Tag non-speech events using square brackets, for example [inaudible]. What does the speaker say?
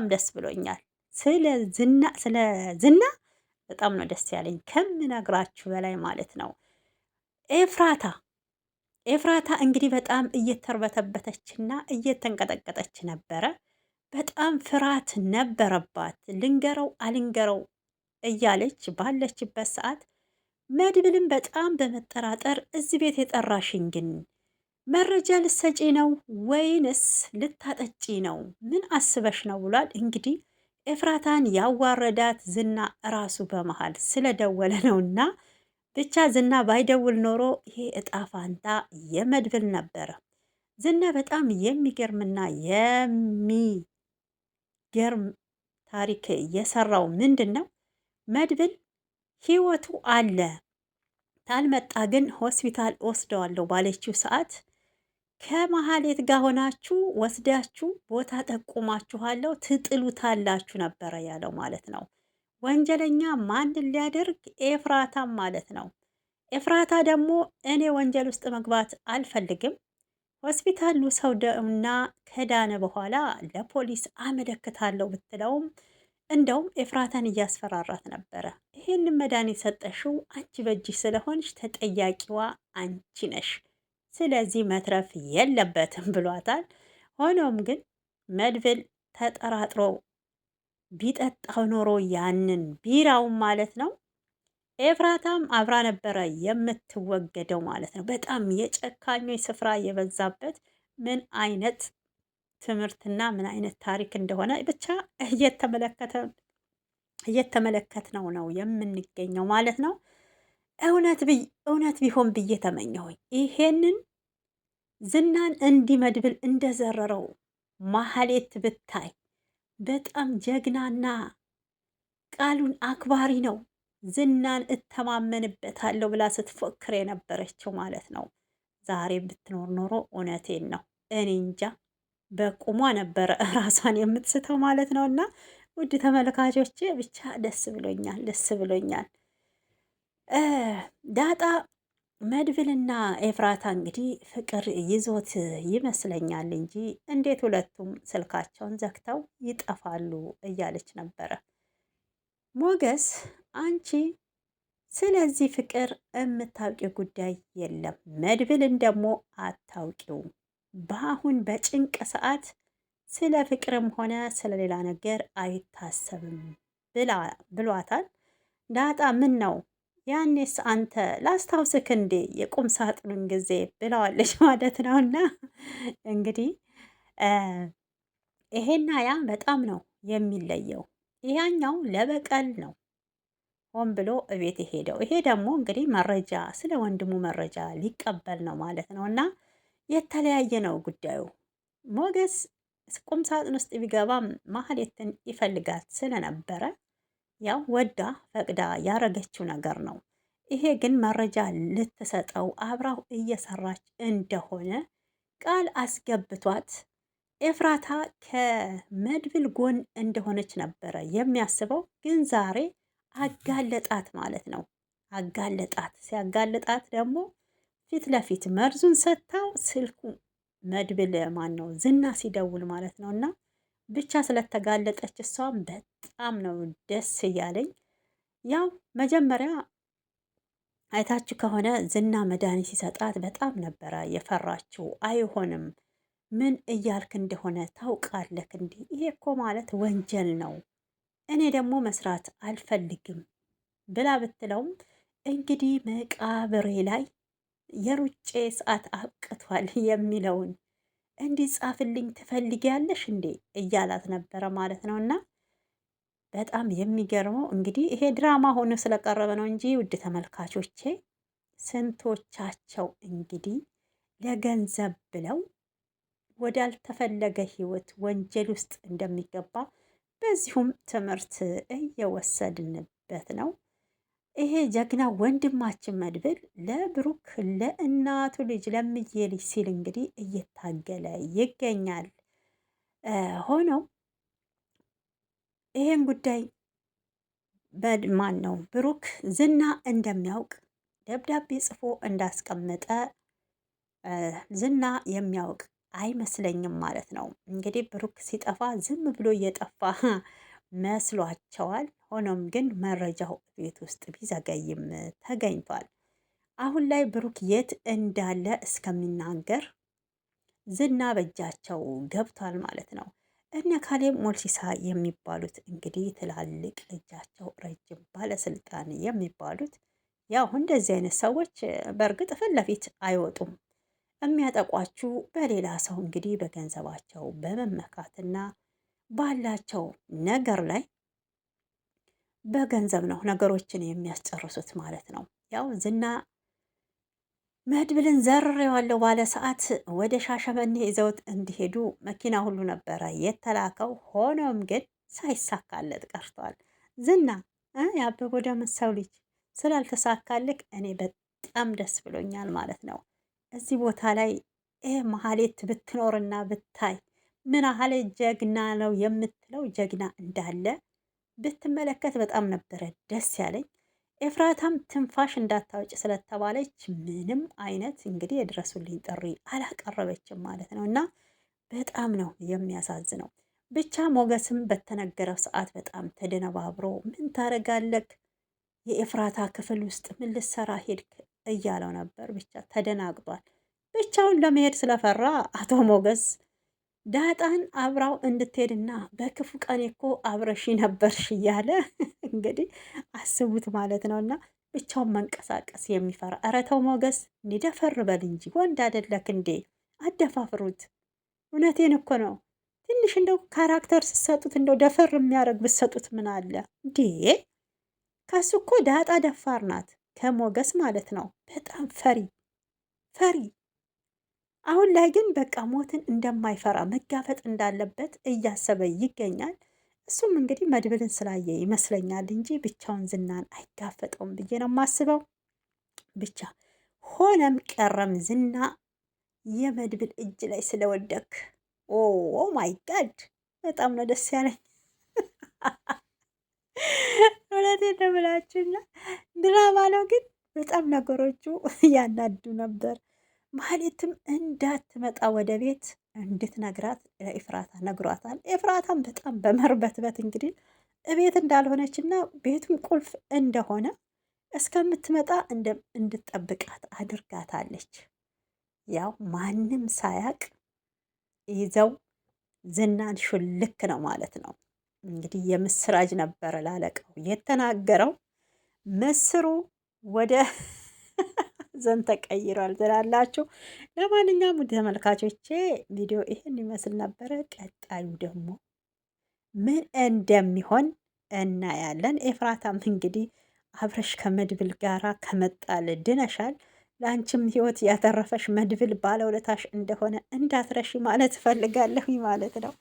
በጣም ደስ ብሎኛል። ስለ ዝና ስለ ዝና በጣም ነው ደስ ያለኝ ከምነግራችሁ በላይ ማለት ነው። ኤፍራታ ኤፍራታ እንግዲህ በጣም እየተርበተበተችና እየተንቀጠቀጠች ነበረ። በጣም ፍርሃት ነበረባት። ልንገረው አልንገረው እያለች ባለችበት ሰዓት መድብልም በጣም በመጠራጠር እዚህ ቤት የጠራሽኝ ግን መረጃ ልሰጪ ነው ወይንስ ልታጠጪ ነው? ምን አስበሽ ነው ብሏል። እንግዲህ ኤፍራታን ያዋረዳት ዝና እራሱ በመሃል ስለደወለ ነው እና ብቻ ዝና ባይደውል ኖሮ ይሄ እጣ ፋንታ የመድብል ነበረ። ዝና በጣም የሚገርምና የሚገርም ታሪክ የሰራው ምንድን ነው? መድብል ህይወቱ አለ ታልመጣ ግን ሆስፒታል ወስደዋለሁ ባለችው ሰዓት ከመሀሌት ጋር ሆናችሁ ወስዳችሁ ቦታ ጠቁማችኋለሁ ትጥሉታላችሁ ነበረ ያለው ማለት ነው። ወንጀለኛ ማንን ሊያደርግ ኤፍራታም ማለት ነው። ኤፍራታ ደግሞ እኔ ወንጀል ውስጥ መግባት አልፈልግም፣ ሆስፒታሉ ሰው እና ከዳነ በኋላ ለፖሊስ አመለክታለሁ ብትለውም እንደውም ኤፍራታን እያስፈራራት ነበረ። ይህን መድኃኒት ሰጠሽው አንቺ በእጅሽ ስለሆንሽ ተጠያቂዋ አንቺ ነሽ ስለዚህ መትረፍ የለበትም [laughs] ብሏታል። ሆኖም ግን መድብል ተጠራጥሮ ቢጠጣው ኖሮ ያንን ቢራውን ማለት ነው ኤፍራታም አብራ ነበረ የምትወገደው ማለት ነው። በጣም የጨካኞች ስፍራ የበዛበት ምን አይነት ትምህርትና ምን አይነት ታሪክ እንደሆነ ብቻ እየተመለከት ነው ነው የምንገኘው ማለት ነው። እውነት ቢሆን ብዬ ተመኘሁኝ። ይሄንን ዝናን እንዲመድብል እንደዘረረው ማህሌት ብታይ በጣም ጀግናና ቃሉን አክባሪ ነው። ዝናን እተማመንበታለሁ ብላ ስትፎክር የነበረችው ማለት ነው። ዛሬ ብትኖር ኖሮ እውነቴን ነው እኔ እንጃ በቁሟ ነበረ ራሷን የምትስተው ማለት ነው። እና ውድ ተመልካቾች ብቻ ደስ ብሎኛል፣ ደስ ብሎኛል። ዳጣ መድብልና ኤፍራታ እንግዲህ ፍቅር ይዞት ይመስለኛል እንጂ እንዴት ሁለቱም ስልካቸውን ዘግተው ይጠፋሉ እያለች ነበረ። ሞገስ አንቺ ስለዚህ ፍቅር የምታውቂ ጉዳይ የለም፣ መድብልን ደግሞ አታውቂውም። በአሁን በጭንቅ ሰዓት ስለ ፍቅርም ሆነ ስለሌላ ነገር አይታሰብም ብሏታል። ዳጣ ምን ነው ያኔስ አንተ ላስታውስክ እንዴ የቁም ሳጥኑን ጊዜ ብለዋለች [laughs] ማለት ነው። እና እንግዲህ ይሄና ያ በጣም ነው የሚለየው። ያኛው ለበቀል ነው ሆን ብሎ እቤት የሄደው። ይሄ ደግሞ እንግዲህ መረጃ ስለ ወንድሙ መረጃ ሊቀበል ነው ማለት ነው እና የተለያየ ነው ጉዳዩ። ሞገስ ቁም ሳጥን ውስጥ ቢገባም ማህሌትን ይፈልጋት ስለነበረ ያው ወዳ ፈቅዳ ያረገችው ነገር ነው። ይሄ ግን መረጃ ልትሰጠው አብራው እየሰራች እንደሆነ ቃል አስገብቷት ኤፍራታ ከመድብል ጎን እንደሆነች ነበረ የሚያስበው። ግን ዛሬ አጋለጣት ማለት ነው። አጋለጣት። ሲያጋለጣት ደግሞ ፊት ለፊት መርዙን ሰጥታው ስልኩ መድብል ማን ነው ዝና ሲደውል ማለት ነው። እና ብቻ ስለተጋለጠች እሷም በጣም ነው ደስ እያለኝ። ያው መጀመሪያ አይታችሁ ከሆነ ዝና መድኃኒት ሲሰጣት በጣም ነበረ የፈራችው። አይሆንም ምን እያልክ እንደሆነ ታውቃለህ እንዴ? ይሄ እኮ ማለት ወንጀል ነው፣ እኔ ደግሞ መስራት አልፈልግም ብላ ብትለውም እንግዲህ መቃብሬ ላይ የሩጬ ሰዓት አብቅቷል የሚለውን እንዲጻፍልኝ ትፈልጊያለሽ እንዴ እያላት ነበረ ማለት ነው እና በጣም የሚገርመው እንግዲህ ይሄ ድራማ ሆኖ ስለቀረበ ነው እንጂ ውድ ተመልካቾቼ ስንቶቻቸው እንግዲህ ለገንዘብ ብለው ወዳልተፈለገ ህይወት ወንጀል ውስጥ እንደሚገባ በዚሁም ትምህርት እየወሰድንበት ነው። ይሄ ጀግና ወንድማችን መድብል ለብሩክ ለእናቱ ልጅ ለምዬ ልጅ ሲል እንግዲህ እየታገለ ይገኛል። ሆኖም ይሄን ጉዳይ በድማን ነው ብሩክ ዝና እንደሚያውቅ ደብዳቤ ጽፎ እንዳስቀመጠ ዝና የሚያውቅ አይመስለኝም ማለት ነው። እንግዲህ ብሩክ ሲጠፋ ዝም ብሎ እየጠፋ መስሏቸዋል። ሆኖም ግን መረጃው ቤት ውስጥ ቢዘገይም ተገኝቷል። አሁን ላይ ብሩክ የት እንዳለ እስከሚናገር ዝና በእጃቸው ገብቷል ማለት ነው። እነ ካሌብ ሞልሲሳ የሚባሉት እንግዲህ ትላልቅ እጃቸው ረጅም ባለስልጣን የሚባሉት ያው እንደዚህ አይነት ሰዎች በእርግጥ ፊት ለፊት አይወጡም። የሚያጠቋችሁ በሌላ ሰው እንግዲህ በገንዘባቸው በመመካትና ባላቸው ነገር ላይ በገንዘብ ነው ነገሮችን የሚያስጨርሱት ማለት ነው። ያው ዝና መድብልን ዘርሬዋለሁ ባለ ሰዓት ወደ ሻሸመኔ ይዘውት እንዲሄዱ መኪና ሁሉ ነበረ የተላከው። ሆኖም ግን ሳይሳካለት ቀርቷል። ዝና የአበበ ጎዳና ልጅ ስላልተሳካልክ እኔ በጣም ደስ ብሎኛል ማለት ነው። እዚህ ቦታ ላይ ይህ መሀሌት ብትኖርና ብታይ ምን ያህል ጀግና ነው የምትለው ጀግና እንዳለ ብትመለከት በጣም ነበረ ደስ ያለኝ። ኤፍራታም ትንፋሽ እንዳታወጭ ስለተባለች ምንም አይነት እንግዲህ የድረሱልኝ ጥሪ አላቀረበችም ማለት ነው። እና በጣም ነው የሚያሳዝነው። ብቻ ሞገስም በተነገረው ሰዓት በጣም ተደነባብሮ ምን ታደርጋለህ የኤፍራታ ክፍል ውስጥ ምን ልሰራ ሄድክ እያለው ነበር። ብቻ ተደናግጧል። ብቻውን ለመሄድ ስለፈራ አቶ ሞገስ ዳጣን አብራው እንድትሄድና በክፉ ቀን እኮ አብረሽ ነበርሽ እያለ [laughs] እንግዲህ አስቡት ማለት ነው። እና ብቻውን መንቀሳቀስ የሚፈራ እረተው ሞገስ እንዲደፈር በል እንጂ ወንድ አደለክ እንዴ? አደፋፍሩት። እውነቴን እኮ ነው። ትንሽ እንደው ካራክተር ስሰጡት እንደው ደፈር የሚያደርግ ብሰጡት ምን አለ እንዴ? ከሱ እኮ ዳጣ ደፋር ናት፣ ከሞገስ ማለት ነው። በጣም ፈሪ ፈሪ አሁን ላይ ግን በቃ ሞትን እንደማይፈራ መጋፈጥ እንዳለበት እያሰበ ይገኛል። እሱም እንግዲህ መድብልን ስላየ ይመስለኛል እንጂ ብቻውን ዝናን አይጋፈጠውም ብዬ ነው የማስበው። ብቻ ሆነም ቀረም ዝና የመድብል እጅ ላይ ስለወደክ ኦ ማይ ጋድ በጣም ነው ደስ ያለኝ። [laughs] እውነቴን ነው ድራማ ነው ግን በጣም ነገሮቹ ያናዱ ነበር። ማህሌትም እንዳትመጣ ወደ ቤት እንድትነግራት ለኤፍራታ ነግሯታል። ኤፍራታም በጣም በመርበትበት እንግዲህ እቤት እንዳልሆነች እና ቤቱም ቁልፍ እንደሆነ እስከምትመጣ እንድትጠብቃት አድርጋታለች። ያው ማንም ሳያቅ ይዘው ዝናን ሹልክ ነው ማለት ነው። እንግዲህ የምስራጅ ነበረ ላለቀው የተናገረው ምስሩ ወደ ዘንድ ተቀይሯል ትላላችሁ። ለማንኛውም ውድ ተመልካቾቼ ቪዲዮ ይህን ይመስል ነበረ። ቀጣዩ ደግሞ ምን እንደሚሆን እናያለን። ኤፍራታም እንግዲህ አብረሽ ከመድብል ጋራ ከመጣል ድነሻል። ለአንቺም ህይወት ያተረፈሽ መድብል ባለውለታሽ እንደሆነ እንዳትረሺ ማለት እፈልጋለሁ ማለት ነው።